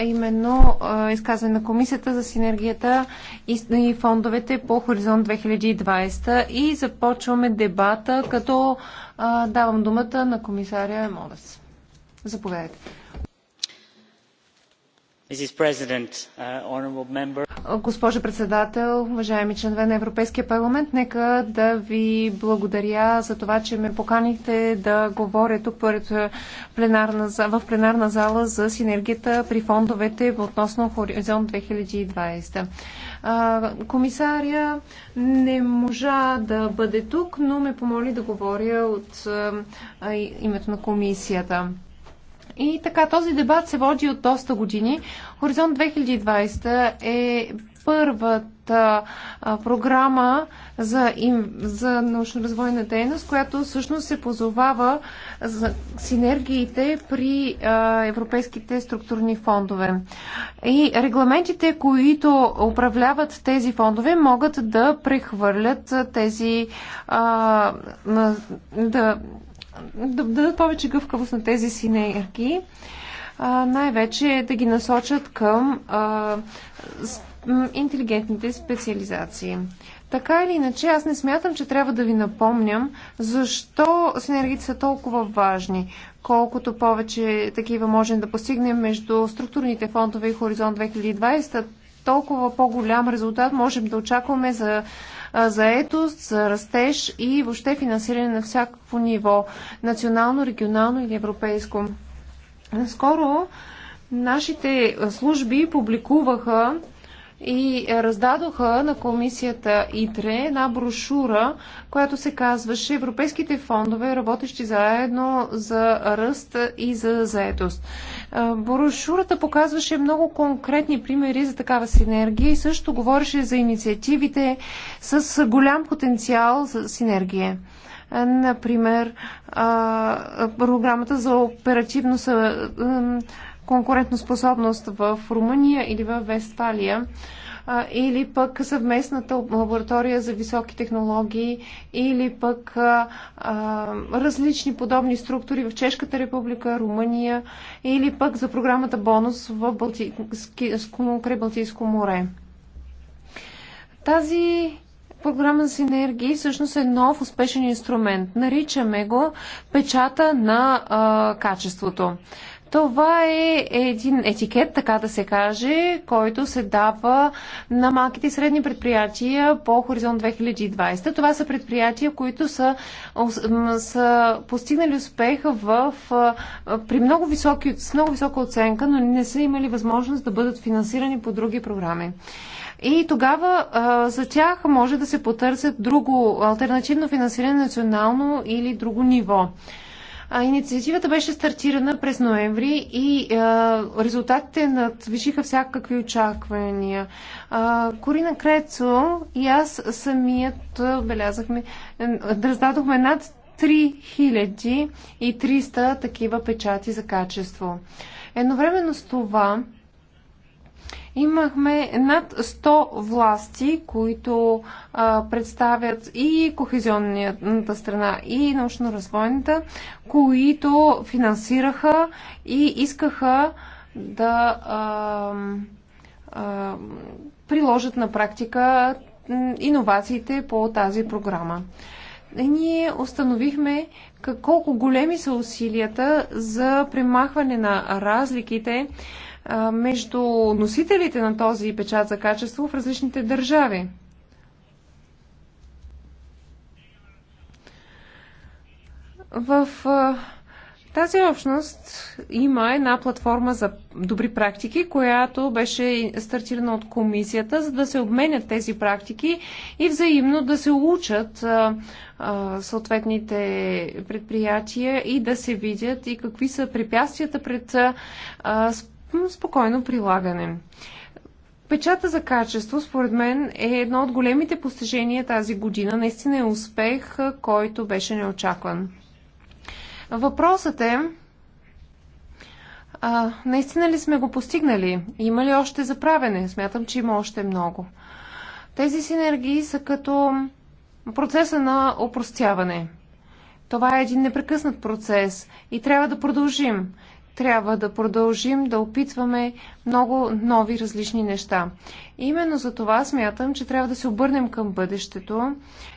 а именно изказване на комисията за синергията и фондовете по Хоризонт 2020 и започваме дебата, като давам думата на комисаря Емолес. Заповядайте. Uh, Госпожо председател, уважаеми членове на Европейския парламент, нека да ви благодаря за това, че ме поканите да говоря тук пред е, пленарна, в пленарна зала за синергията при фондовете относно Хоризонт 2020. Комисаря не можа да бъде тук, но ме помоли да говоря от е, името на комисията. И така, този дебат се води от доста години. Хоризонт 2020 е първата а, програма за, им, за научно-развойна дейност, която всъщност се позовава за синергиите при а, европейските структурни фондове. И регламентите, които управляват тези фондове, могат да прехвърлят тези а, да да дадат повече гъвкавост на тези синергии, най-вече да ги насочат към а, с, интелигентните специализации. Така или иначе, аз не смятам, че трябва да ви напомням защо синергиите са толкова важни. Колкото повече такива можем да постигнем между структурните фондове и Хоризонт 2020, толкова по-голям резултат можем да очакваме за заетост, растеж и въобще финансиране на всякакво ниво национално, регионално или европейско. Скоро нашите служби публикуваха и раздадоха на комисията ИТРЕ една брошура, която се казваше Европейските фондове, работещи заедно за ръст и за заедост. Брошурата показваше много конкретни примери за такава синергия и също говореше за инициативите с голям потенциал за синергия. Например, програмата за оперативно конкурентоспособност в Румъния или в Вестфалия а, или пък съвместната лаборатория за високи технологии, или пък а, а, различни подобни структури в Чешката република, Румъния, или пък за програмата Бонус в Балтийски, край Балтийско море. Тази програма за синергии всъщност е нов успешен инструмент. Наричаме го печата на а, качеството. Това е един етикет, така да се каже, който се дава на малките и средни предприятия по Хоризонт 2020. Това са предприятия, които са, са постигнали успех в, при много високи, с много висока оценка, но не са имали възможност да бъдат финансирани по други програми. И тогава а, за тях може да се потърсят друго альтернативно финансиране национално или друго ниво. А инициативата беше стартирана през ноември и а, резултатите надвишиха всякакви очаквания. А, Корина Крецо и аз самият отбелязахме, раздадохме над 3300 такива печати за качество. Едновременно с това Имахме над 100 власти, които а, представят и кохезионната страна, и научно-развойната, които финансираха и искаха да а, а, приложат на практика иновациите по тази програма. Ние установихме колко големи са усилията за премахване на разликите между носителите на този печат за качество в различните държави. В тази общност има една платформа за добри практики, която беше стартирана от комисията, за да се обменят тези практики и взаимно да се учат съответните предприятия и да се видят и какви са препятствията пред а, спокойно прилагане. Печата за качество, според мен, е едно от големите постижения тази година. Наистина е успех, който беше неочакван. Въпросът е, а, наистина ли сме го постигнали? Има ли още заправене? Смятам, че има още много. Тези синергии са като процеса на опростяване. Това е един непрекъснат процес и трябва да продължим трябва да продължим да опитваме много нови различни неща. И именно за това смятам, че трябва да се обърнем към бъдещето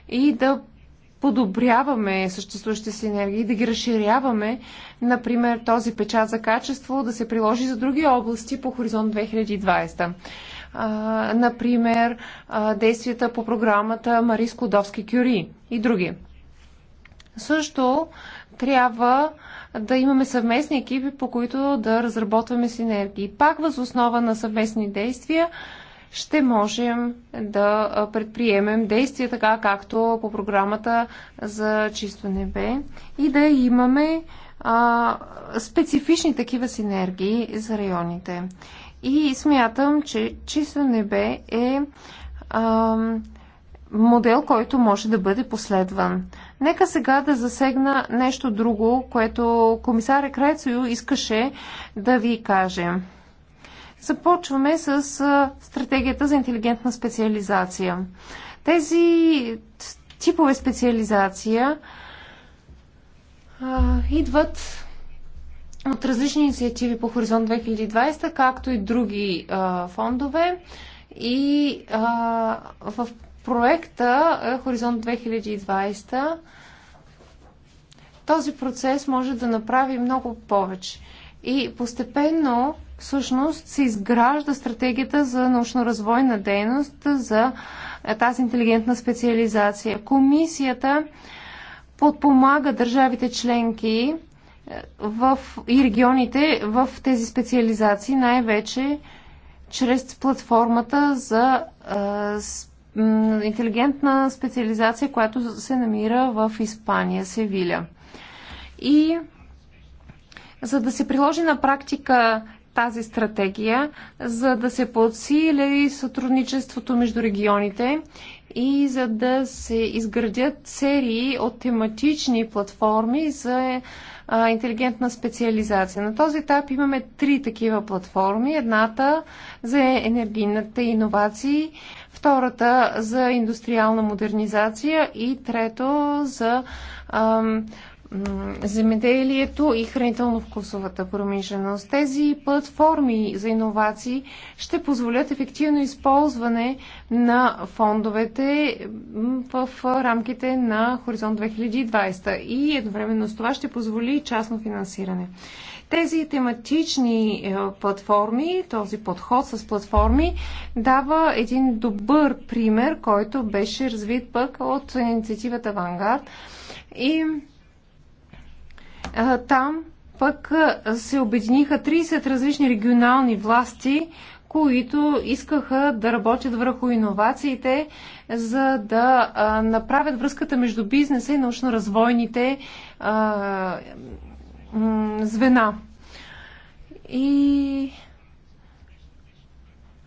и да подобряваме съществуващите си енергии, да ги разширяваме. Например, този печат за качество да се приложи за други области по Хоризонт 2020. А, например, а, действията по програмата Марис Кудовски Кюри и други. Също трябва да имаме съвместни екипи, по които да разработваме синергии. Пак въз основа на съвместни действия ще можем да предприемем действия така, както по програмата за чисто небе и да имаме а, специфични такива синергии за районите. И смятам, че чисто небе е а, модел, който може да бъде последван. Нека сега да засегна нещо друго, което комисаря Крайцио искаше да ви каже. Започваме с стратегията за интелигентна специализация. Тези типове специализация а, идват от различни инициативи по Хоризонт 2020, както и други а, фондове. И а, в проекта е, Хоризонт 2020 този процес може да направи много повече. И постепенно, всъщност, се изгражда стратегията за научно-развойна дейност, за е, тази интелигентна специализация. Комисията подпомага държавите членки е, в, и регионите в тези специализации, най-вече чрез платформата за а, интелигентна специализация, която се намира в Испания, Севиля. И за да се приложи на практика тази стратегия, за да се подсили сътрудничеството между регионите и за да се изградят серии от тематични платформи за а, интелигентна специализация. На този етап имаме три такива платформи. Едната за енергийната иновации, втората за индустриална модернизация и трето за ам, земеделието и хранително-вкусовата промишленост. Тези платформи за иновации ще позволят ефективно използване на фондовете в рамките на Хоризонт 2020 и едновременно с това ще позволи частно финансиране. Тези тематични е, платформи, този подход с платформи, дава един добър пример, който беше развит пък от инициативата Авангард. И а, е, там пък е, се обединиха 30 различни регионални власти, които искаха да работят върху иновациите, за да а, направят връзката между бизнеса и научно-развойните а, звена. И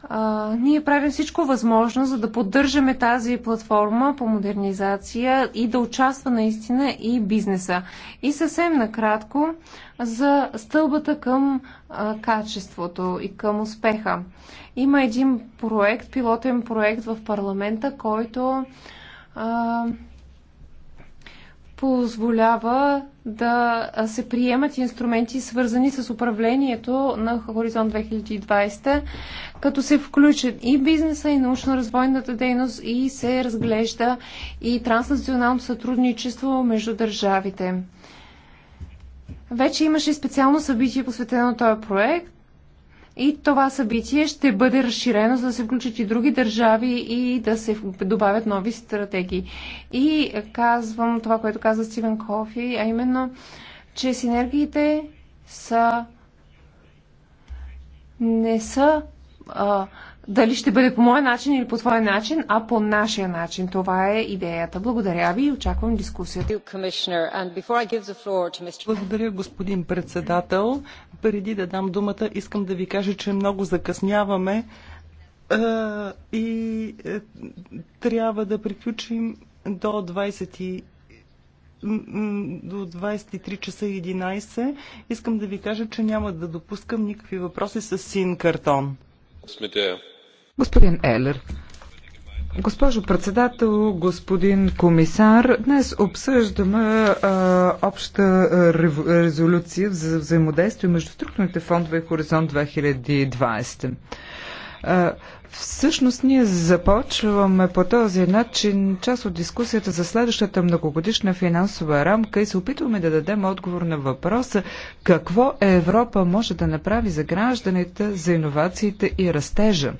а, ние правим всичко възможно, за да поддържаме тази платформа по модернизация и да участва наистина и бизнеса. И съвсем накратко за стълбата към а, качеството и към успеха. Има един проект, пилотен проект в парламента, който а, позволява да се приемат инструменти, свързани с управлението на Хоризонт 2020, като се включат и бизнеса, и научно-развойната дейност, и се разглежда и транснационално сътрудничество между държавите. Вече имаше специално събитие посветено на този проект и това събитие ще бъде разширено, за да се включат и други държави и да се добавят нови стратегии. И казвам това, което каза Стивен Кофи, а именно, че синергиите са не са а, дали ще бъде по моя начин или по твоя начин, а по нашия начин. Това е идеята. Благодаря ви и очаквам дискусията. Благодаря, господин председател. Преди да дам думата, искам да ви кажа, че много закъсняваме е, и е, трябва да приключим до 20 до 23 часа 11. Искам да ви кажа, че няма да допускам никакви въпроси с син картон. Господин Елер, Госпожо председател, господин комисар, днес обсъждаме а, обща резолюция за взаимодействие между структурните фондове и Хоризонт 2020. А, всъщност ние започваме по този начин част от дискусията за следващата многогодишна финансова рамка и се опитваме да дадем отговор на въпроса какво Европа може да направи за гражданите, за иновациите и растежа.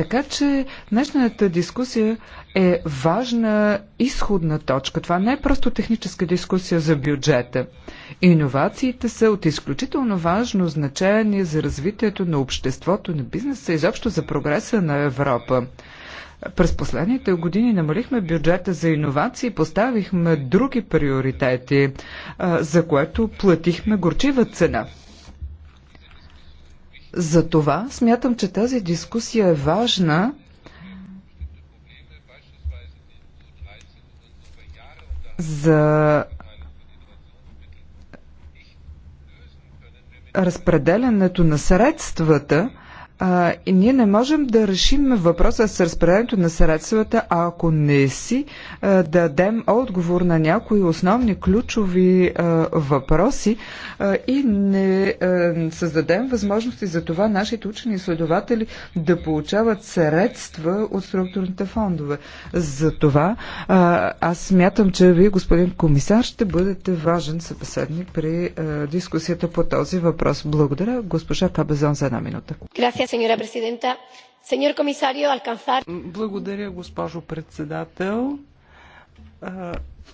Така че днешната дискусия е важна изходна точка. Това не е просто техническа дискусия за бюджета. Иновациите са от изключително важно значение за развитието на обществото, на бизнеса и изобщо за прогреса на Европа. През последните години намалихме бюджета за иновации и поставихме други приоритети, за което платихме горчива цена. Затова смятам, че тази дискусия е важна, за разпределянето на средствата, а, и ние не можем да решим въпроса с разпределението на средствата, ако не си а, дадем отговор на някои основни ключови а, въпроси а, и не а, създадем възможности за това нашите учени изследователи да получават средства от структурните фондове. За това а, аз смятам, че вие, господин комисар, ще бъдете важен събеседник при а, дискусията по този въпрос. Благодаря, госпожа Кабезон, за една минута. Gracias, señora presidenta. Señor comisario, alcanzar... Благодаря, госпожо председател.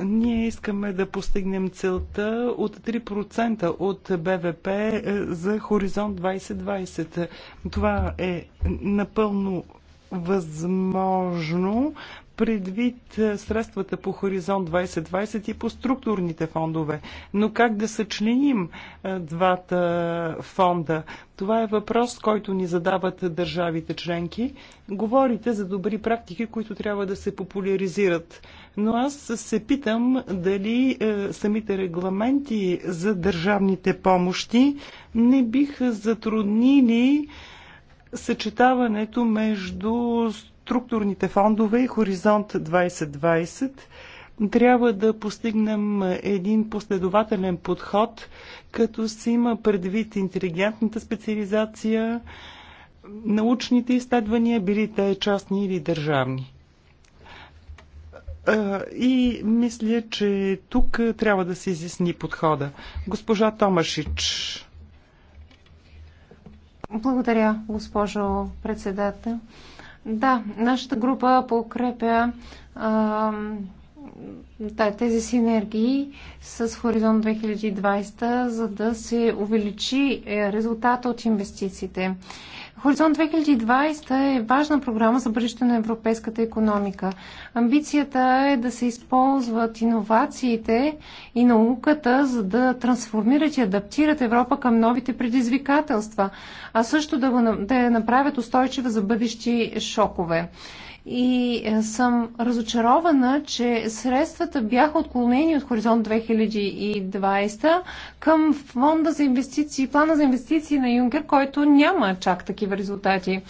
ние искаме да постигнем целта от 3% от БВП е, за хоризонт 2020. Това е напълно възможно предвид е, средствата по Хоризонт 2020 и по структурните фондове. Но как да съчленим е, двата фонда? Това е въпрос, който ни задават държавите членки. Говорите за добри практики, които трябва да се популяризират. Но аз се питам дали е, самите регламенти за държавните помощи не биха затруднили съчетаването между структурните фондове и Хоризонт 2020 трябва да постигнем един последователен подход, като се има предвид интелигентната специализация, научните изследвания, били те частни или държавни. И мисля, че тук трябва да се изясни подхода. Госпожа Томашич. Благодаря, госпожо председател. Да, нашата група покрепя а, да, тези синергии с Хоризонт 2020, за да се увеличи е, резултата от инвестициите. Хоризонт 2020 е важна програма за бъдеще на европейската економика. Амбицията е да се използват иновациите и науката, за да трансформират и адаптират Европа към новите предизвикателства, а също да, го, да я направят устойчива за бъдещи шокове и е, съм разочарована, че средствата бяха отклонени от Хоризонт 2020 към фонда за инвестиции, плана за инвестиции на Юнкер, който няма чак такива резултати.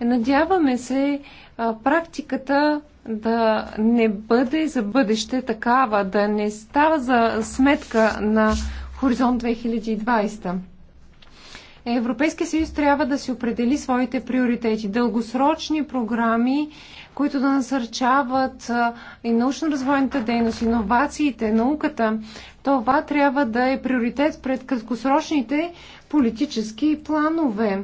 Надяваме се а, е, практиката да не бъде за бъдеще такава, да не става за сметка на Хоризонт 2020. Европейския съюз трябва да си определи своите приоритети. Дългосрочни програми, които да насърчават и научно-развойната дейност, иновациите, науката. Това трябва да е приоритет пред краткосрочните политически планове.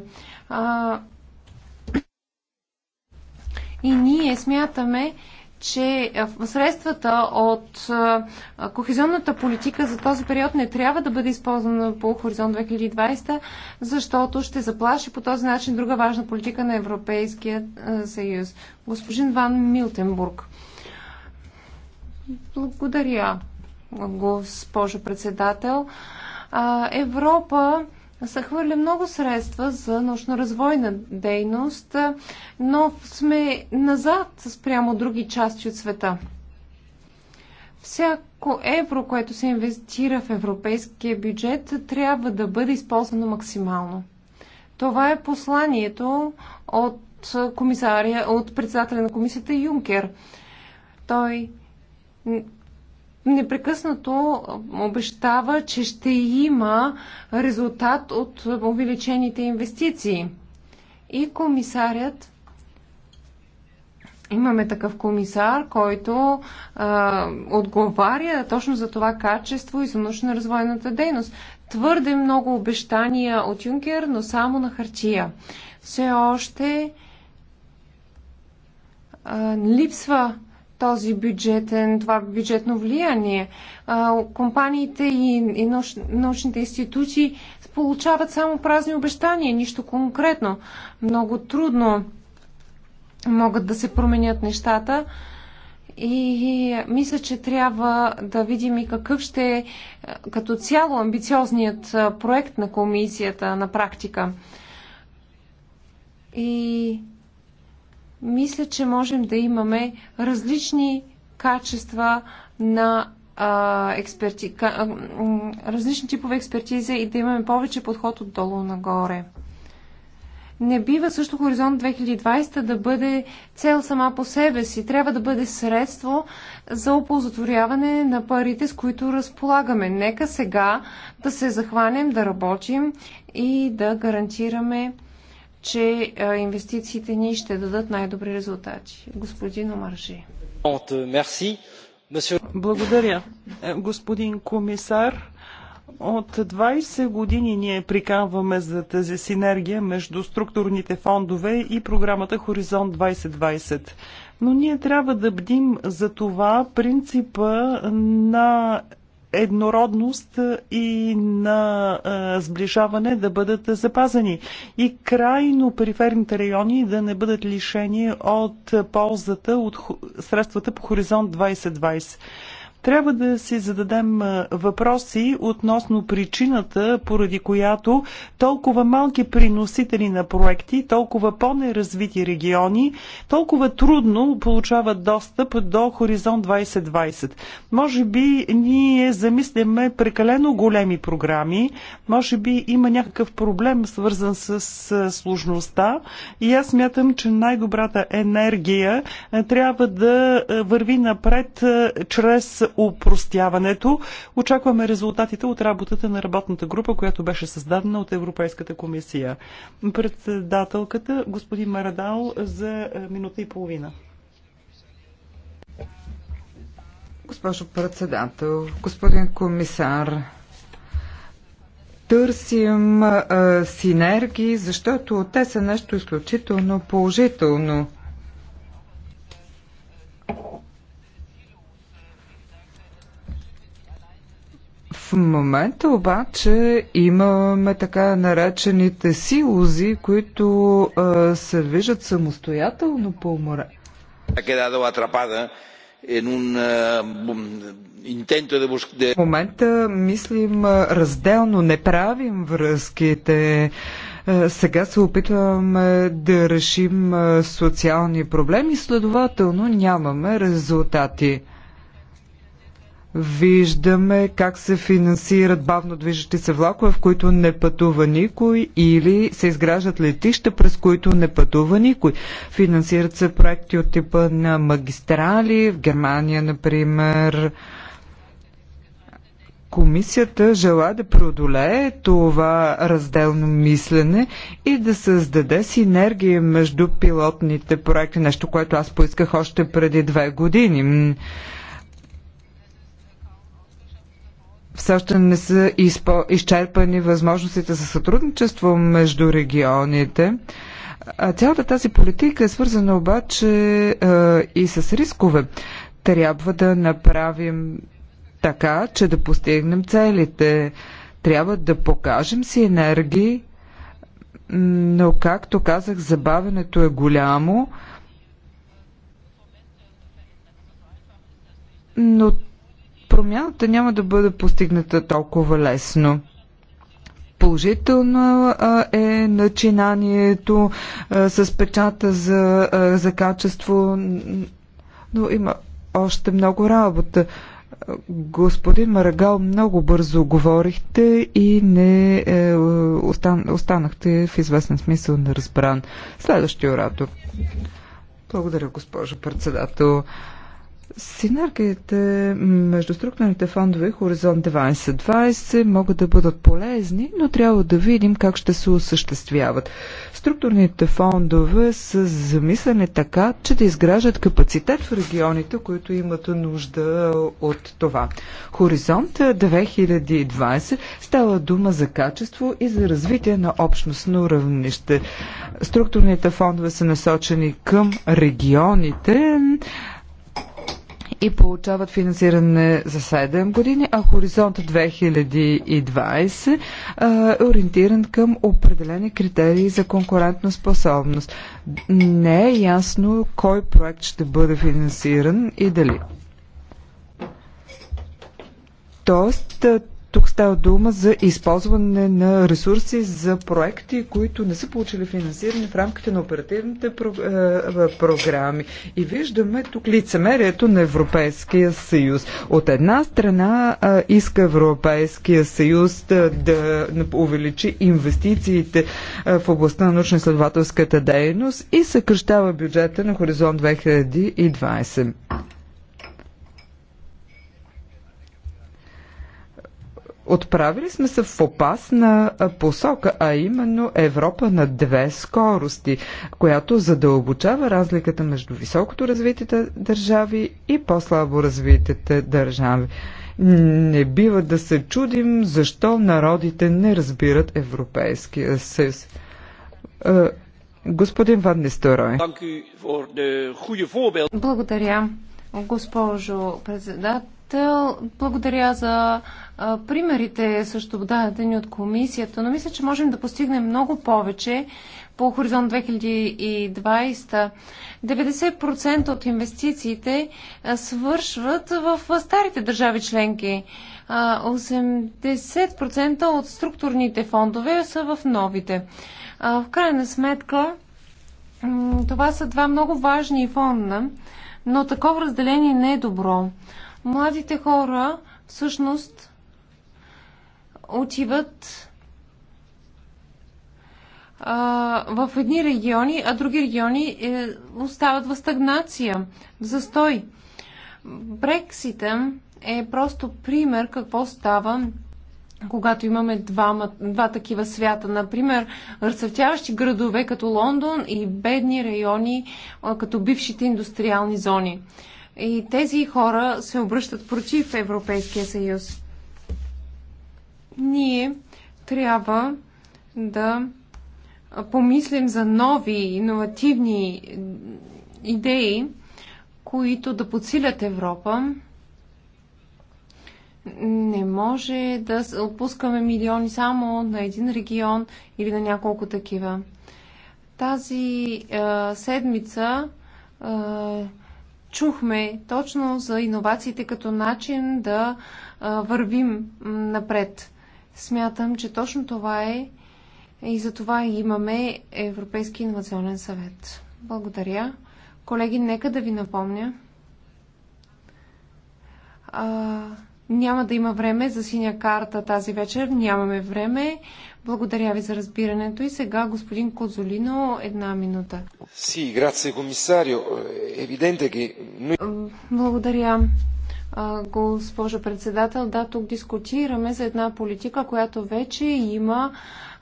И ние смятаме, че средствата от кохезионната политика за този период не трябва да бъде използвана по Хоризонт 2020, защото ще заплаши по този начин друга важна политика на Европейския съюз. Госпожин Ван Милтенбург. Благодаря, госпожо председател. Европа се хвърля много средства за научно-развойна дейност, но сме назад спрямо други части от света. Всяко евро, което се инвестира в европейския бюджет, трябва да бъде използвано максимално. Това е посланието от, комисария, от председателя на комисията Юнкер. Той непрекъснато обещава, че ще има резултат от увеличените инвестиции. И комисарят, имаме такъв комисар, който а, отговаря точно за това качество и за научно-развойната дейност. Твърде много обещания от Юнкер, но само на хартия. Все още а, липсва този бюджетен, това бюджетно влияние. Компаниите и научните институции получават само празни обещания, нищо конкретно. Много трудно могат да се променят нещата. И мисля, че трябва да видим и какъв ще е като цяло амбициозният проект на комисията на практика. И мисля, че можем да имаме различни качества на експерти, различни типове експертиза и да имаме повече подход отдолу нагоре. Не бива също Хоризонт 2020 да бъде цел сама по себе си. Трябва да бъде средство за оползотворяване на парите, с които разполагаме. Нека сега да се захванем, да работим и да гарантираме че инвестициите ни ще дадат най-добри резултати. Господин Омаржи. Благодаря, е, господин комисар. От 20 години ние прикамваме за тази синергия между структурните фондове и програмата Хоризонт 2020. Но ние трябва да бдим за това принципа на еднородност и на сближаване да бъдат запазени и крайно периферните райони да не бъдат лишени от ползата от средствата по Хоризонт 2020. Трябва да си зададем въпроси относно причината, поради която толкова малки приносители на проекти, толкова по-неразвити региони, толкова трудно получават достъп до Хоризонт 2020. Може би ние замисляме прекалено големи програми, може би има някакъв проблем свързан с сложността и аз смятам, че най-добрата енергия трябва да върви напред чрез упростяването. Очакваме резултатите от работата на работната група, която беше създадена от Европейската комисия. Председателката, господин Марадал, за е, минута и половина. Госпожо председател, господин комисар, търсим а, е, синергии, защото те са нещо изключително положително. В момента обаче имаме така наречените силузи, които а, се виждат самостоятелно по море. Е, В момента мислим разделно, не правим връзките. Сега се опитваме да решим социални проблеми, следователно нямаме резултати виждаме как се финансират бавно движещи се влакове, в които не пътува никой или се изграждат летища, през които не пътува никой. Финансират се проекти от типа на магистрали, в Германия, например. Комисията жела да преодолее това разделно мислене и да създаде синергия между пилотните проекти, нещо, което аз поисках още преди две години. все още не са изпо... изчерпани възможностите за сътрудничество между регионите. А цялата тази политика е свързана обаче и с рискове. Трябва да направим така, че да постигнем целите. Трябва да покажем си енергии, но както казах, забавенето е голямо. Но Промяната няма да бъде постигната толкова лесно. Положително е начинанието с печата за, за качество, но има още много работа. Господин Марагал, много бързо говорихте и не е, остан, останахте в известен смисъл неразбран. Следващия оратор. Благодаря, госпожо председател. Синергията между структурните фондове и Хоризонт 2020 могат да бъдат полезни, но трябва да видим как ще се осъществяват. Структурните фондове са замислени така, че да изграждат капацитет в регионите, които имат нужда от това. Хоризонт 2020 става дума за качество и за развитие на общностно равнище. Структурните фондове са насочени към регионите, и получават финансиране за 7 години, а Хоризонт 2020 е ориентиран към определени критерии за конкурентна способност. Не е ясно кой проект ще бъде финансиран и дали. Тоест, тук става дума за използване на ресурси за проекти, които не са получили финансиране в рамките на оперативните е, е, програми. И виждаме тук лицемерието на Европейския съюз. От една страна е, иска Европейския съюз да, увеличи инвестициите в областта на научно-изследователската дейност и съкръщава бюджета на Хоризонт 2020. Отправили сме се в опасна посока, а именно Европа на две скорости, която задълбочава разликата между високото развитите държави и по-слабо развитите държави. Не бива да се чудим защо народите не разбират Европейския съюз. Господин Ван Несторой. Благодаря, госпожо председател председател. Благодаря за а, примерите, също дадени от комисията, но мисля, че можем да постигнем много повече по Хоризонт 2020. 90% от инвестициите а, свършват в а, старите държави членки. 80% от структурните фондове са в новите. В крайна сметка, това са два много важни фонда, но такова разделение не е добро младите хора всъщност отиват а, в едни региони, а други региони е, остават в стагнация, в застой. Брексита е просто пример какво става когато имаме два, два такива свята. Например, разцъфтяващи градове като Лондон и бедни райони като бившите индустриални зони. И тези хора се обръщат против Европейския съюз. Ние трябва да помислим за нови, иновативни идеи, които да подсилят Европа. Не може да отпускаме милиони само на един регион или на няколко такива. Тази е, седмица е, чухме точно за иновациите като начин да вървим напред. Смятам, че точно това е и за това имаме Европейски инновационен съвет. Благодаря. Колеги, нека да ви напомня. А, няма да има време за синя карта тази вечер. Нямаме време. Благодаря ви за разбирането. И сега господин Козолино, една минута. Си, грация комисарио. Евиденте ги... Благодаря. Госпожо председател, да, тук дискутираме за една политика, която вече има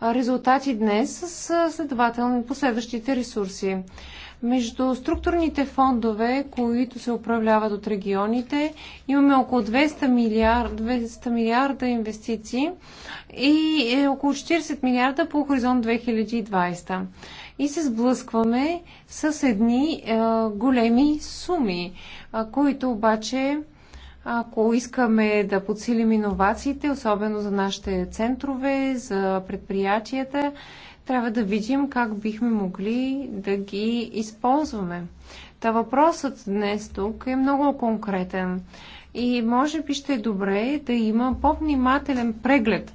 резултати днес с следователни последващите ресурси. Между структурните фондове, които се управляват от регионите, имаме около 200 милиарда, 200 милиарда инвестиции и е, около 40 милиарда по хоризонт 2020. И се сблъскваме с едни е, големи суми, е, които обаче ако искаме да подсилим иновациите, особено за нашите центрове, за предприятията, трябва да видим как бихме могли да ги използваме. Та въпросът днес тук е много конкретен и може би ще е добре да има по-внимателен преглед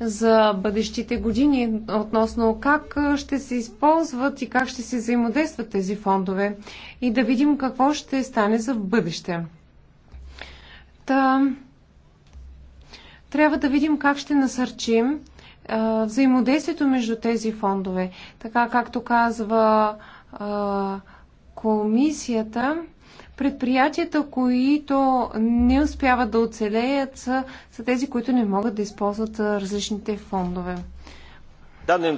за бъдещите години относно как ще се използват и как ще се взаимодействат тези фондове и да видим какво ще стане за в бъдеще. Та, трябва да видим как ще насърчим взаимодействието между тези фондове. Така както казва а, комисията, предприятията, които не успяват да оцелеят, са, са тези, които не могат да използват различните фондове.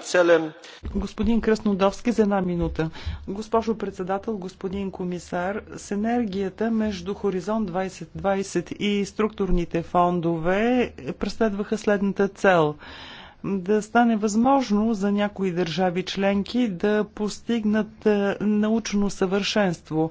целем. Господин Краснодовски за една минута. Госпожо председател, господин комисар, с енергията между Хоризонт 2020 и структурните фондове преследваха следната цел – да стане възможно за някои държави членки да постигнат е, научно съвършенство.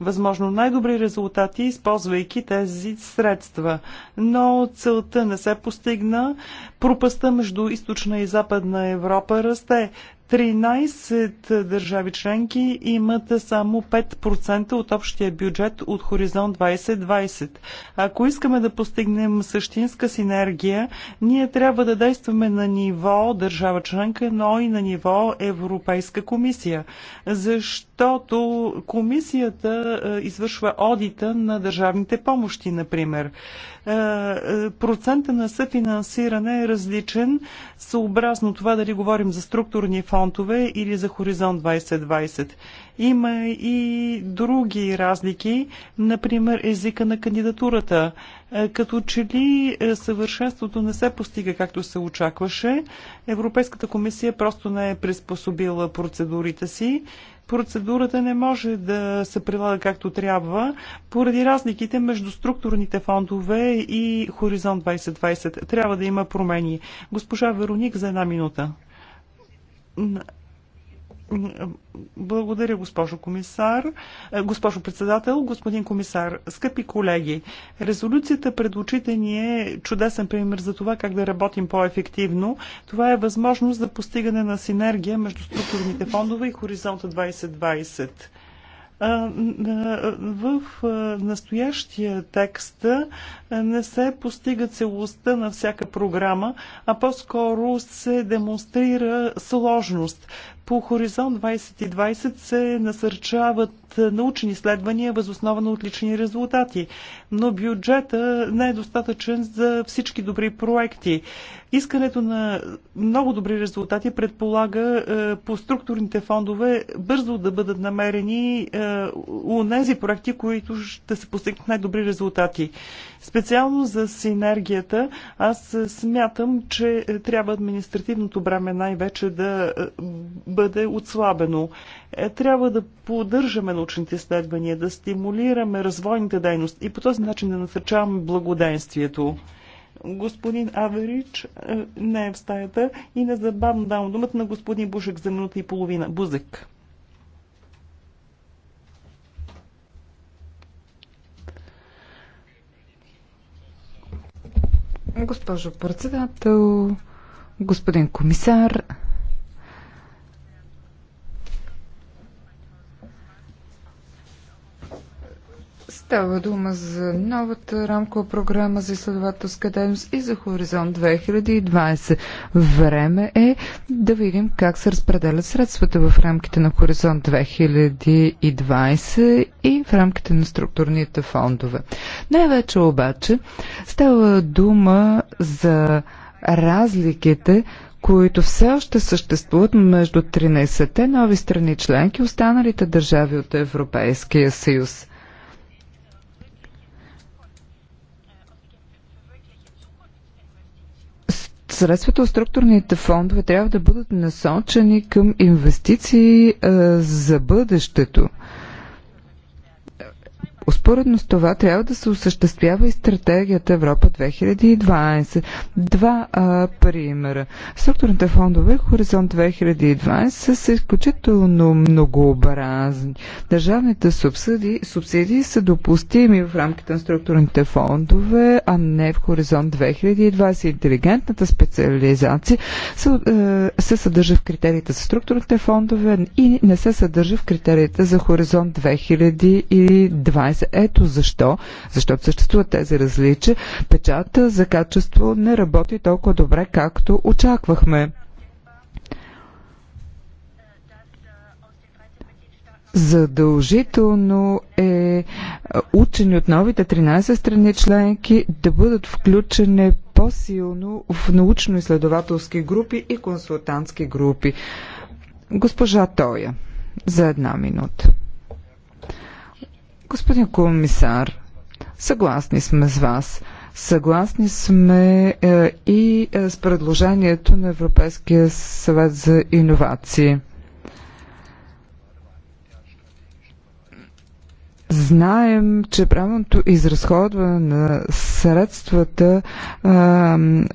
Възможно най-добри резултати, използвайки тези средства. Но целта не се постигна. Пропаста между източна и западна Европа расте. 13 държави членки имат само 5% от общия бюджет от Хоризонт 2020. Ако искаме да постигнем същинска синергия, ние трябва да действаме на ниво държава членка, но и на ниво Европейска комисия. Защо защото комисията е, извършва одита на държавните помощи, например. Е, е, процента на съфинансиране е различен съобразно това дали говорим за структурни фондове или за Хоризонт 2020. Има и други разлики, например езика на кандидатурата. Като че ли съвършенството не се постига както се очакваше, Европейската комисия просто не е приспособила процедурите си процедурата не може да се прилага както трябва, поради разликите между структурните фондове и Хоризонт 2020. Трябва да има промени. Госпожа Вероник за една минута. Благодаря, госпожо комисар. Е, госпожо председател, господин комисар, скъпи колеги, резолюцията пред очите ни е чудесен пример за това как да работим по-ефективно. Това е възможност за постигане на синергия между структурните фондове и Хоризонта 2020. Е, в е, настоящия текст не се постига целостта на всяка програма, а по-скоро се демонстрира сложност. По Хоризонт 2020 се насърчават научни изследвания възоснова на отлични резултати, но бюджета не е достатъчен за всички добри проекти. Искането на много добри резултати предполага е, по структурните фондове бързо да бъдат намерени е, у нези проекти, които ще се постигнат най-добри резултати. Специално за синергията, аз смятам, че трябва административното бреме най-вече да е, бъде отслабено. Е, трябва да поддържаме научните изследвания, да стимулираме развойните дейности и по този начин да насърчаваме благоденствието. Господин Аверич е, не е в стаята и незабавно давам думата на господин Бушек за минута и половина. Бузек. Госпожо председател, господин комисар, Става дума за новата рамкова програма за изследователска дейност и за Хоризонт 2020. Време е да видим как се разпределят средствата в рамките на Хоризонт 2020 и в рамките на структурните фондове. Най-вече обаче става дума за разликите, които все още съществуват между 13-те нови страни членки и останалите държави от Европейския съюз. Средствата от структурните фондове трябва да бъдат насочени към инвестиции а, за бъдещето. Успоредно с това трябва да се осъществява и стратегията Европа 2020. Два а, примера. Структурните фондове Хоризонт 2020 са изключително многообразни. Държавните субсидии, субсидии са допустими в рамките на структурните фондове, а не в Хоризонт 2020. Интелигентната специализация се, е, се съдържа в критериите за структурните фондове и не се съдържа в критериите за Хоризонт 2020 се. Ето защо, защото съществуват тези различия, печата за качество не работи толкова добре, както очаквахме. Задължително е учени от новите 13 страни членки да бъдат включени по-силно в научно-изследователски групи и консултантски групи. Госпожа Тоя, за една минута. Господин комисар, съгласни сме с вас. Съгласни сме е, и е, с предложението на Европейския съвет за иновации. Знаем, че правилното изразходване на средствата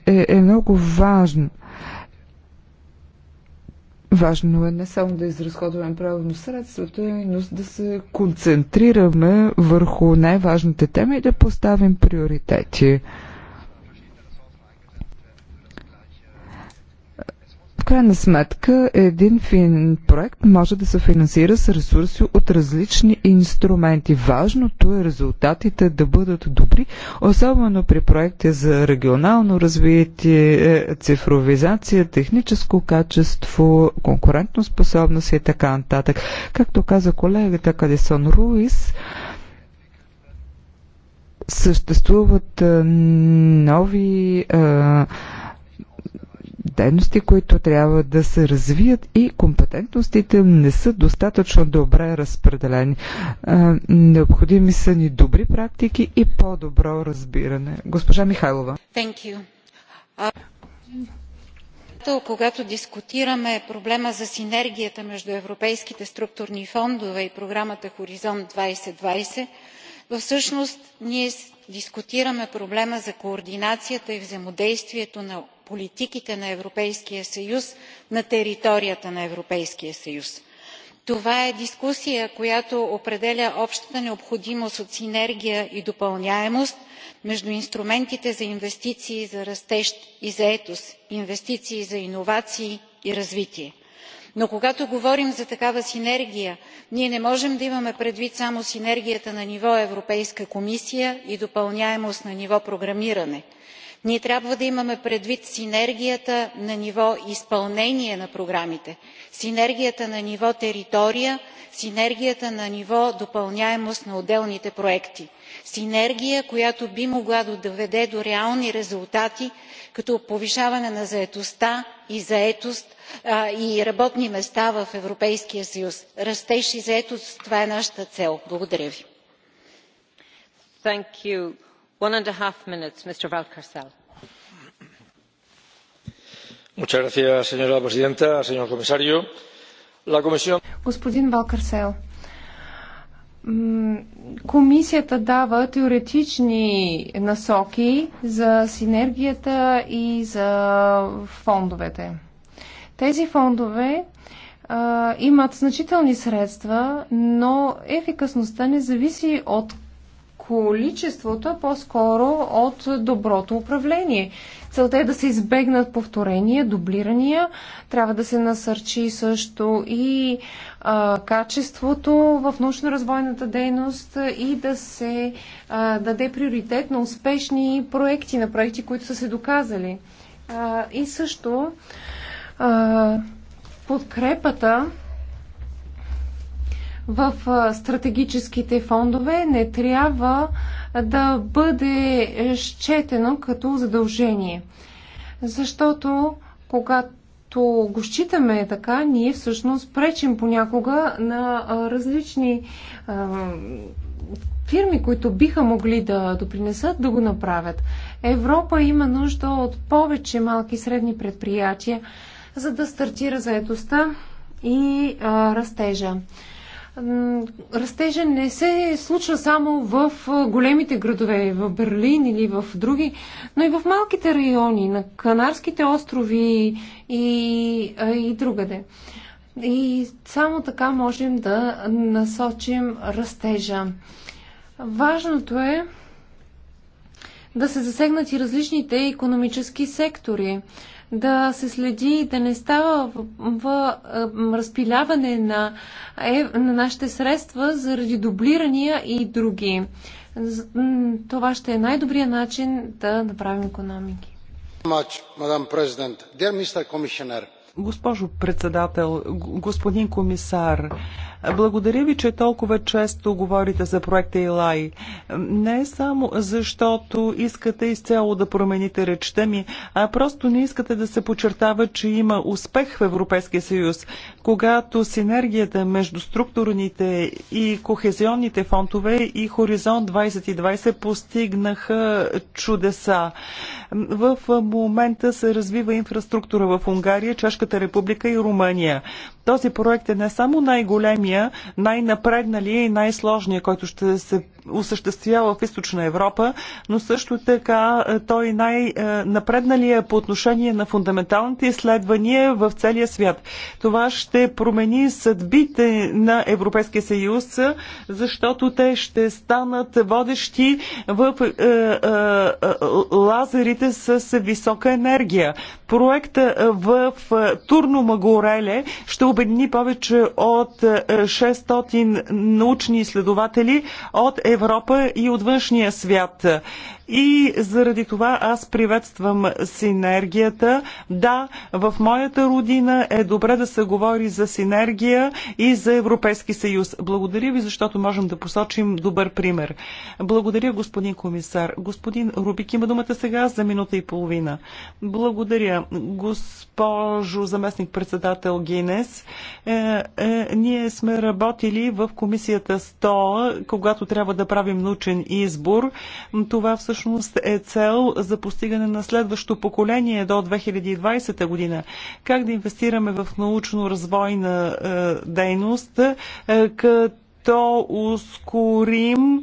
е, е много важно. Важно е не само да изразходваме правилно средствата, но да се концентрираме върху най-важните теми и да поставим приоритети. крайна сметка един фин проект може да се финансира с ресурси от различни инструменти. Важното е резултатите да бъдат добри, особено при проекти за регионално развитие, е, цифровизация, техническо качество, способност и така нататък. Както каза колегата Кадисон Руис, съществуват е, нови а, е, дейности, които трябва да се развият и компетентностите не са достатъчно добре разпределени. Необходими са ни добри практики и по-добро разбиране. Госпожа Михайлова. Когато дискутираме проблема за синергията между европейските структурни фондове и програмата Хоризонт 2020, всъщност ние дискутираме проблема за координацията и взаимодействието на политиките на европейския съюз на територията на европейския съюз. това е дискусия която определя общата необходимост от синергия и допълняемост между инструментите за инвестиции за растеж и заетост инвестиции за иновации и развитие. но когато говорим за такава синергия ние не можем да имаме предвид само синергията на ниво европейска комисия и допълняемост на ниво програмиране ние трябва да имаме предвид синергията на ниво изпълнение на програмите синергията на ниво територия синергията на ниво допълняемост на отделните проекти синергия която би могла да доведе до реални резултати като повишаване на заетостта и заетост и работни места в европейския съюз. растеж и заетост това е нашата цел. благодаря ви señora presidenta señor comisario la comisión. господин валкерсел комисията дава теоретични насоки за синергията и за фондовете. Тези фондове а, имат значителни средства, но ефикасността не зависи от количеството, по-скоро от доброто управление. Целта е да се избегнат повторения, дублирания. Трябва да се насърчи също и а, качеството в научно-развойната дейност и да се а, даде приоритет на успешни проекти, на проекти, които са се доказали. А, и също а, подкрепата в стратегическите фондове не трябва да бъде счетено като задължение. Защото когато го считаме така, ние всъщност пречим понякога на различни фирми, които биха могли да допринесат, да го направят. Европа има нужда от повече малки и средни предприятия, за да стартира заедостта и а, растежа растежа не се случва само в големите градове, в Берлин или в други, но и в малките райони, на Канарските острови и, и другаде. И само така можем да насочим растежа. Важното е да се засегнат и различните економически сектори да се следи и да не става в, в, в разпиляване на, е, на нашите средства заради дублирания и други. Това ще е най-добрият начин да направим економики. Госпожо председател, господин комисар, благодаря ви, че толкова често говорите за проекта Илай. Не само защото искате изцяло да промените речта ми, а просто не искате да се почертава, че има успех в Европейския съюз, когато синергията между структурните и кохезионните фондове и Хоризонт 2020 постигнаха чудеса. В момента се развива инфраструктура в Унгария, Чешката република и Румъния. Този проект е не само най-големия, най-напредналия и най-сложния, който ще се осъществява в Източна Европа, но също така е, той е най-напредналия по отношение на фундаменталните изследвания в целия свят. Това ще промени съдбите на Европейския съюз, защото те ще станат водещи в е, е, е лазерите с висока енергия. Проекта в Турно Магореле ще обедини повече от 600 научни изследователи от Европа и от външния свят. И заради това аз приветствам синергията. Да, в моята родина е добре да се говори за синергия и за Европейски съюз. Благодаря ви, защото можем да посочим добър пример. Благодаря, господин комисар. Господин Рубик има думата сега за минута и половина. Благодаря, госпожо заместник-председател Гинес. Е, е, ние сме работили в комисията 100, когато трябва да правим научен избор. Това всъщност всъщност е цел за постигане на следващо поколение до 2020 година. Как да инвестираме в научно-развойна е, дейност, е, като ускорим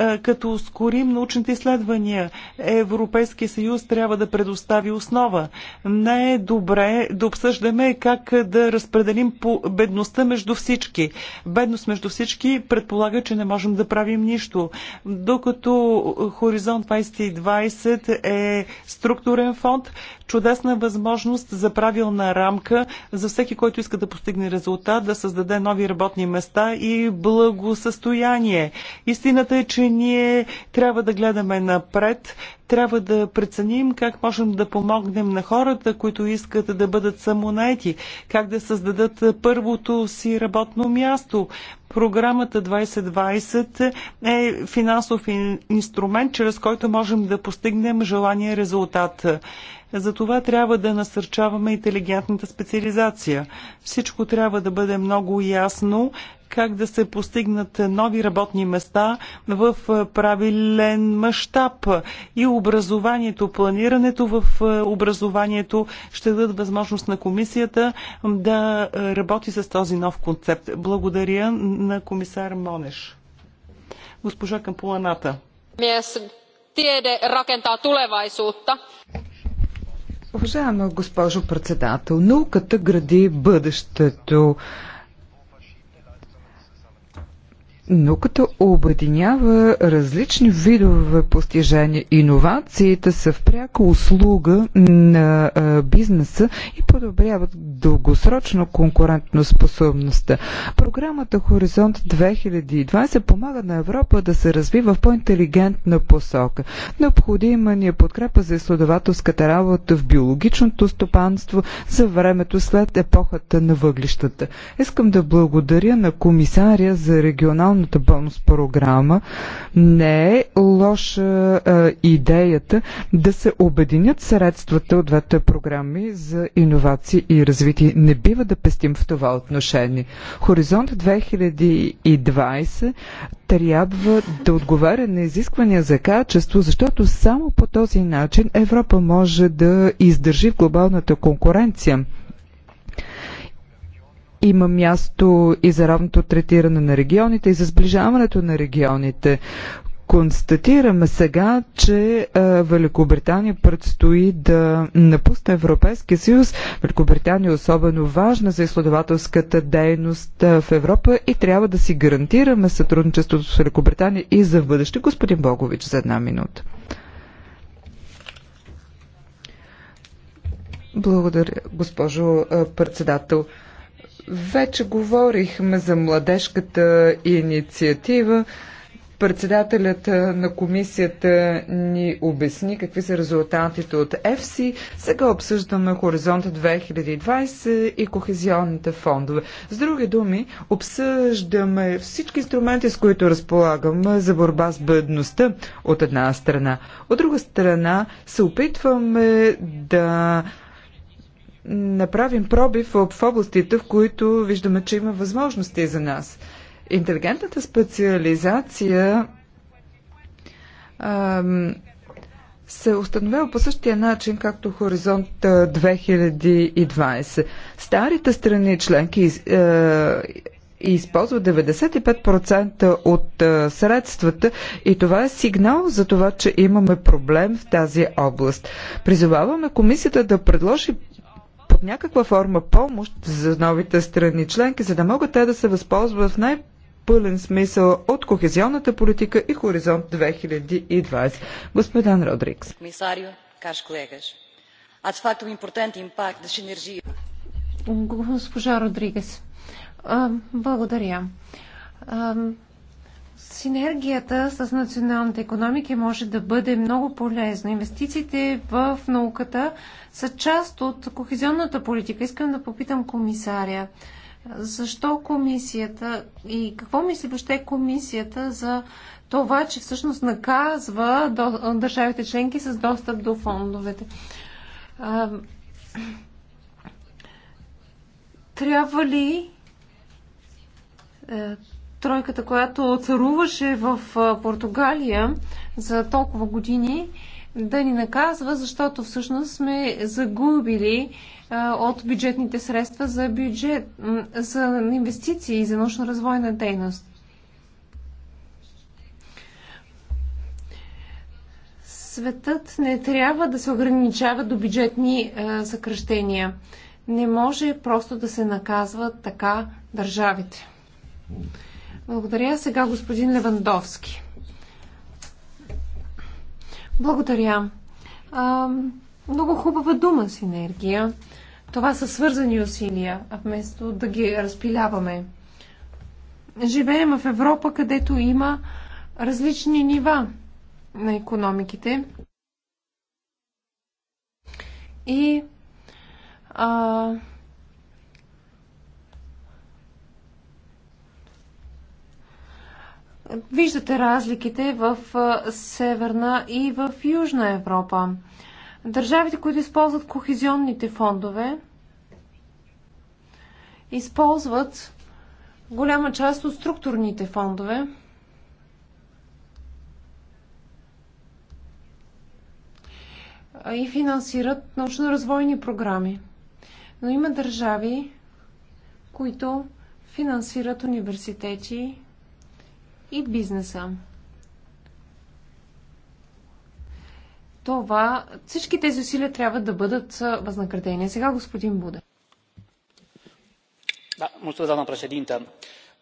е, като ускорим научните изследвания. Европейския съюз трябва да предостави основа. Не е добре да обсъждаме как да разпределим по бедността между всички. Бедност между всички предполага, че не можем да правим нищо. Докато Хоризонт 2020 е структурен фонд, чудесна възможност за правилна рамка за всеки, който иска да постигне резултат, да създаде нови работни места и благосъстояние. Истината е, че ние трябва да гледаме напред, трябва да преценим как можем да помогнем на хората, които искат да бъдат самонаети, как да създадат първото си работно място. Програмата 2020 е финансов инструмент, чрез който можем да постигнем желания резултат. Затова трябва да насърчаваме интелигентната специализация. Всичко трябва да бъде много ясно как да се постигнат нови работни места в правилен мащаб. И образованието, планирането в образованието ще дадат възможност на комисията да работи с този нов концепт. Благодаря на комисар Монеш. Госпожа Кампуланата. Tiede ракента тулевайсута. Уважаема госпожо председател, науката гради бъдещето. Науката обединява различни видове постижения. Иновациите са в пряка услуга на бизнеса и подобряват дългосрочно конкурентно способността. Програмата Хоризонт 2020 помага на Европа да се развива в по-интелигентна посока. Необходима ни е подкрепа за изследователската работа в биологичното стопанство за времето след епохата на въглищата. Искам да благодаря на комисаря за регионална националната бонус програма, не е лоша а, идеята да се обединят средствата от двете програми за иновации и развитие. Не бива да пестим в това отношение. Хоризонт 2020 трябва да отговаря на изисквания за качество, защото само по този начин Европа може да издържи в глобалната конкуренция. Има място и за равното третиране на регионите, и за сближаването на регионите. Констатираме сега, че е, Великобритания предстои да напусне Европейския съюз. Великобритания е особено важна за изследователската дейност в Европа и трябва да си гарантираме сътрудничеството с Великобритания и за бъдеще. Господин Богович, за една минута. Благодаря, госпожо председател. Вече говорихме за младежката инициатива. Председателят на комисията ни обясни какви са резултатите от ЕФСИ. Сега обсъждаме Хоризонта 2020 и кохезионните фондове. С други думи, обсъждаме всички инструменти, с които разполагаме за борба с бедността от една страна. От друга страна, се опитваме да направим пробив в областите, в които виждаме, че има възможности за нас. Интелигентната специализация се установява по същия начин, както Хоризонт 2020. Старите страни членки и използва 95% от средствата и това е сигнал за това, че имаме проблем в тази област. Призоваваме комисията да предложи под някаква форма помощ за новите страни членки, за да могат те да се възползват в най- пълен смисъл от кохезионната политика и Хоризонт 2020. Господин Родрикс. Госпожа Родригес, благодаря. Синергията с националните економика може да бъде много полезна. Инвестициите в науката са част от кохезионната политика. Искам да попитам комисаря. Защо комисията и какво мисли въобще комисията за това, че всъщност наказва държавите членки с достъп до фондовете? Трябва ли е, тройката, която царуваше в Португалия за толкова години, да ни наказва, защото всъщност сме загубили от бюджетните средства за бюджет, за инвестиции и за научно-развойна дейност. Светът не трябва да се ограничава до бюджетни а, съкръщения. Не може просто да се наказват така държавите. Благодаря. Сега господин Левандовски. Благодаря. А, много хубава дума синергия. Това са свързани усилия, а вместо да ги разпиляваме. Живеем в Европа, където има различни нива на економиките. И а, Виждате разликите в Северна и в Южна Европа. Държавите, които използват кохезионните фондове, използват голяма част от структурните фондове. и финансират научно-развойни програми. Но има държави, които финансират университети и бизнеса. Това, всички тези усилия трябва да бъдат възнаградени. Сега господин Буде. Да, мулțumesc, președинtă.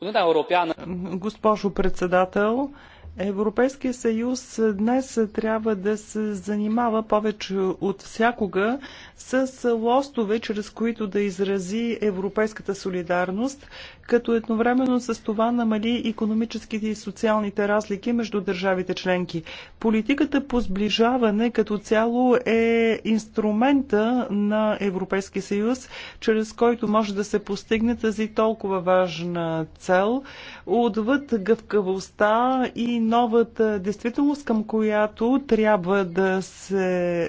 Uniunea Госпожо председател, Европейския съюз днес трябва да се занимава повече от всякога с лостове, чрез които да изрази европейската солидарност като едновременно с това намали економическите и социалните разлики между държавите членки. Политиката по сближаване като цяло е инструмента на Европейския съюз, чрез който може да се постигне тази толкова важна цел, отвъд гъвкавостта и новата действителност, към която трябва да се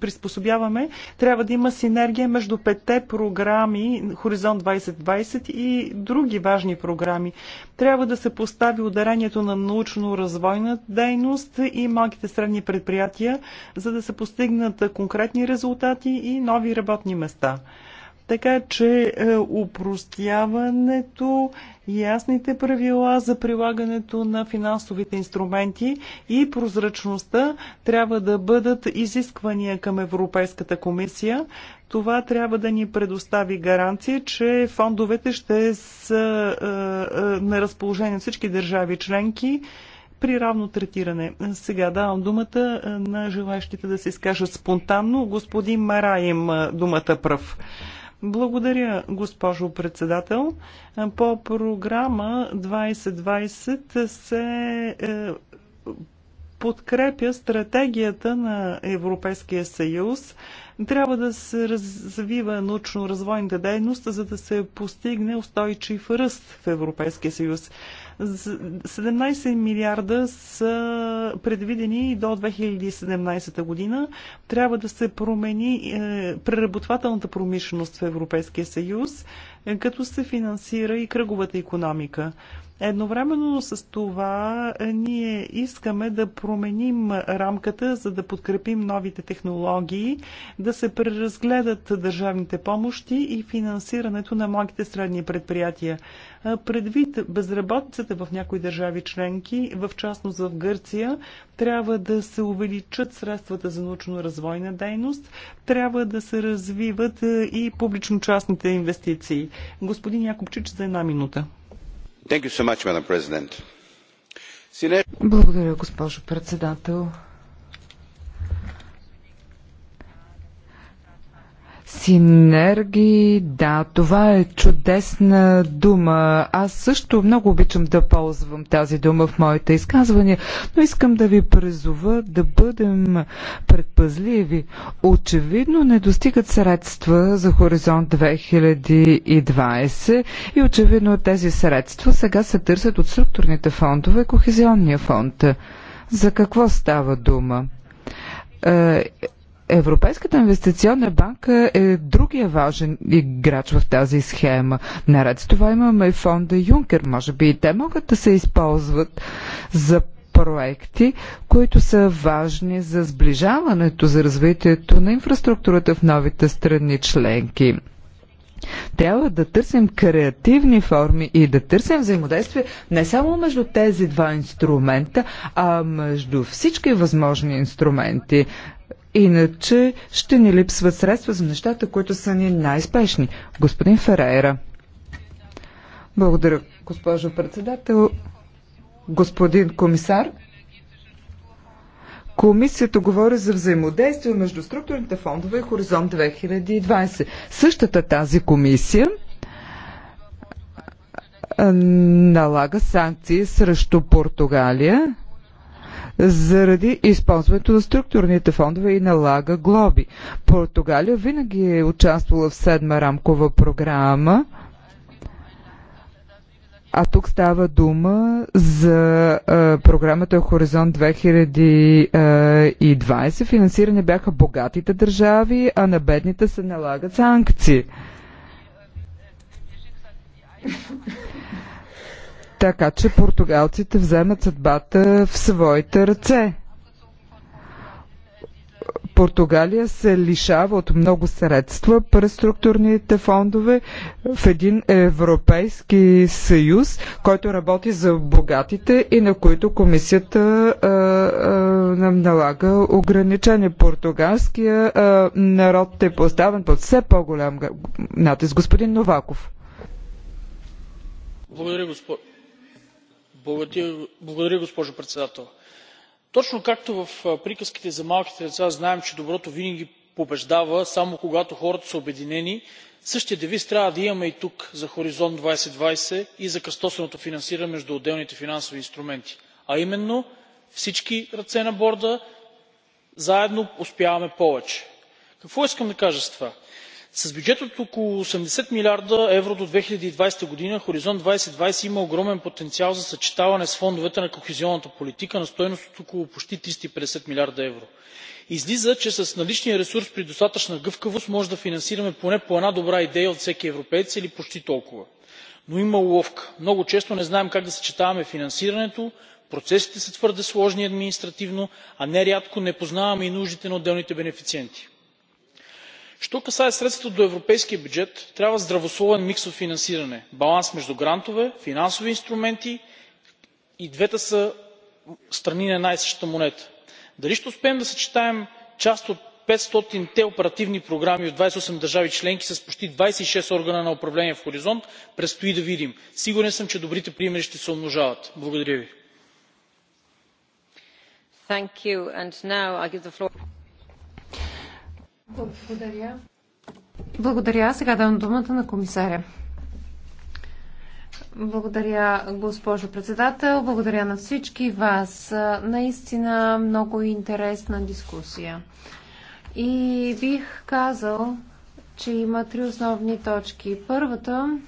приспособяваме, трябва да има синергия между петте програми Хоризонт 2020 и други важни програми. Трябва да се постави ударението на научно-развойна дейност и малките средни предприятия, за да се постигнат конкретни резултати и нови работни места. Така че е, упростяването, ясните правила за прилагането на финансовите инструменти и прозрачността трябва да бъдат изисквания към Европейската комисия. Това трябва да ни предостави гаранция, че фондовете ще са е, е, на разположение на всички държави членки при равно третиране. Сега давам думата на желащите да се изкажат спонтанно. Господин Мараим, има думата пръв. Благодаря, госпожо председател. По програма 2020 се е, подкрепя стратегията на Европейския съюз. Трябва да се развива научно-развойната дейност, за да се постигне устойчив ръст в Европейския съюз. 17 милиарда са предвидени до 2017 година. Трябва да се промени е, преработвателната промишленост в Европейския съюз, е, като се финансира и кръговата економика. Едновременно с това е, ние искаме да променим рамката, за да подкрепим новите технологии, да се преразгледат държавните помощи и финансирането на малките средни предприятия. Е, предвид безработицата в някои държави членки, в частност в Гърция, трябва да се увеличат средствата за научно-развойна дейност, трябва да се развиват е, и публично-частните инвестиции. Господин Якобчич, за една минута. Much, Благодаря, госпожо председател. Синергии, да, това е чудесна дума. Аз също много обичам да ползвам тази дума в моите изказвания, но искам да ви призова да бъдем предпазливи. Очевидно не достигат средства за Хоризонт 2020 и очевидно тези средства сега се търсят от структурните фондове и Кохезионния фонд. За какво става дума? Е, Европейската инвестиционна банка е другия важен играч в тази схема. Наред с това имаме и фонда Юнкер. Може би и те могат да се използват за проекти, които са важни за сближаването, за развитието на инфраструктурата в новите страни членки. Трябва да търсим креативни форми и да търсим взаимодействие не само между тези два инструмента, а между всички възможни инструменти. Иначе ще ни липсват средства за нещата, които са ни най-спешни. Господин Ферейра. Благодаря, госпожо председател. Господин комисар, Комисията говори за взаимодействие между структурните фондове и Хоризонт 2020. Същата тази комисия налага санкции срещу Португалия заради използването на структурните фондове и налага глоби. Португалия винаги е участвала в седма рамкова програма. А тук става дума за а, програмата Хоризонт 2020. Финансиране бяха богатите държави, а на бедните се налагат санкции така че португалците вземат съдбата в своите ръце. Португалия се лишава от много средства през структурните фондове в един Европейски съюз, който работи за богатите и на които комисията а, а, налага ограничения. Португалския а, народ е поставен под все по-голям натиск. Господин Новаков. Благодаря, господин благодаря, госпожо председател. Точно както в приказките за малките деца знаем, че доброто винаги побеждава само когато хората са обединени, същия девиз трябва да имаме и тук за Хоризонт 2020 и за кръстосаното финансиране между отделните финансови инструменти, а именно всички ръце на борда, заедно успяваме повече. Какво искам да кажа с това? с бюджет от около осемдесет милиарда евро до 2020 година хоризонт 2020 има огромен потенциал за съчетаване с фондовете на кохезионната политика на стойност от около почти 350 милиарда евро. излиза че с наличния ресурс при достатъчна гъвкавост можем да финансираме поне по една добра идея от всеки европеец или почти толкова. но има уловка много често не знаем как да съчетаваме финансирането процесите са твърде сложни административно а нерядко не познаваме и нуждите на отделните бенефициенти що касае до средствата до европейския бюджет трябва здравословен микс от финансиране баланс между грантове финансови инструменти и двете са страни на една и съща монета. дали ще успеем да съчетаем част от 500-те оперативни програми от 28 държави членки с почти 26 органа на управление в хоризонт предстои да видим. сигурен съм че добрите примери ще се умножават. благодаря ви. Благодаря. Благодаря. Сега давам думата на комисаря. Благодаря, госпожо председател. Благодаря на всички вас. Наистина много интересна дискусия. И бих казал, че има три основни точки. Първата,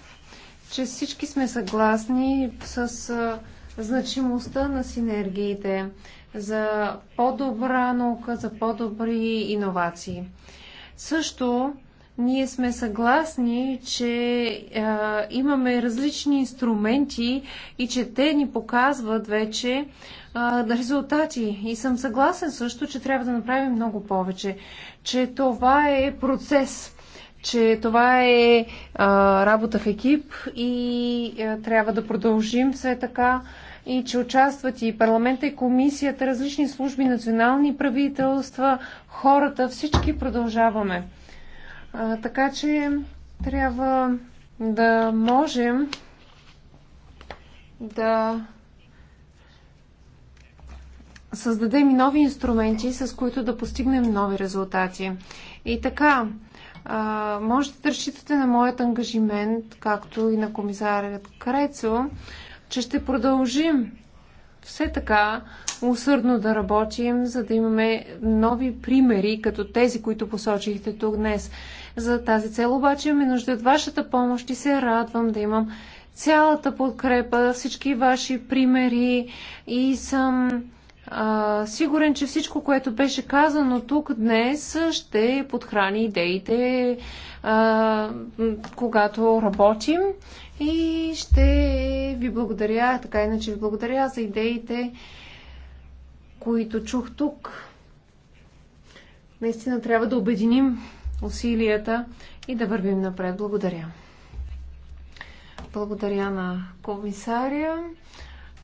че всички сме съгласни с значимостта на синергиите за по-добра наука, за по-добри иновации. Също ние сме съгласни, че а, имаме различни инструменти и че те ни показват вече а, резултати. И съм съгласен също, че трябва да направим много повече. Че това е процес, че това е а, работа в екип и а, трябва да продължим все така и че участват и парламента, и комисията, различни служби, национални правителства, хората, всички продължаваме. А, така че трябва да можем да създадем и нови инструменти, с които да постигнем нови резултати. И така, можете да разчитате на моят ангажимент, както и на комисарят Крецо, че ще продължим все така усърдно да работим, за да имаме нови примери, като тези, които посочихте тук днес. За тази цел обаче ме нужда от вашата помощ и се радвам да имам цялата подкрепа, всички ваши примери и съм а, сигурен, че всичко, което беше казано тук днес, ще подхрани идеите, а, когато работим и ще ви благодаря, така иначе ви благодаря за идеите, които чух тук. Наистина трябва да обединим усилията и да вървим напред. Благодаря. Благодаря на комисаря.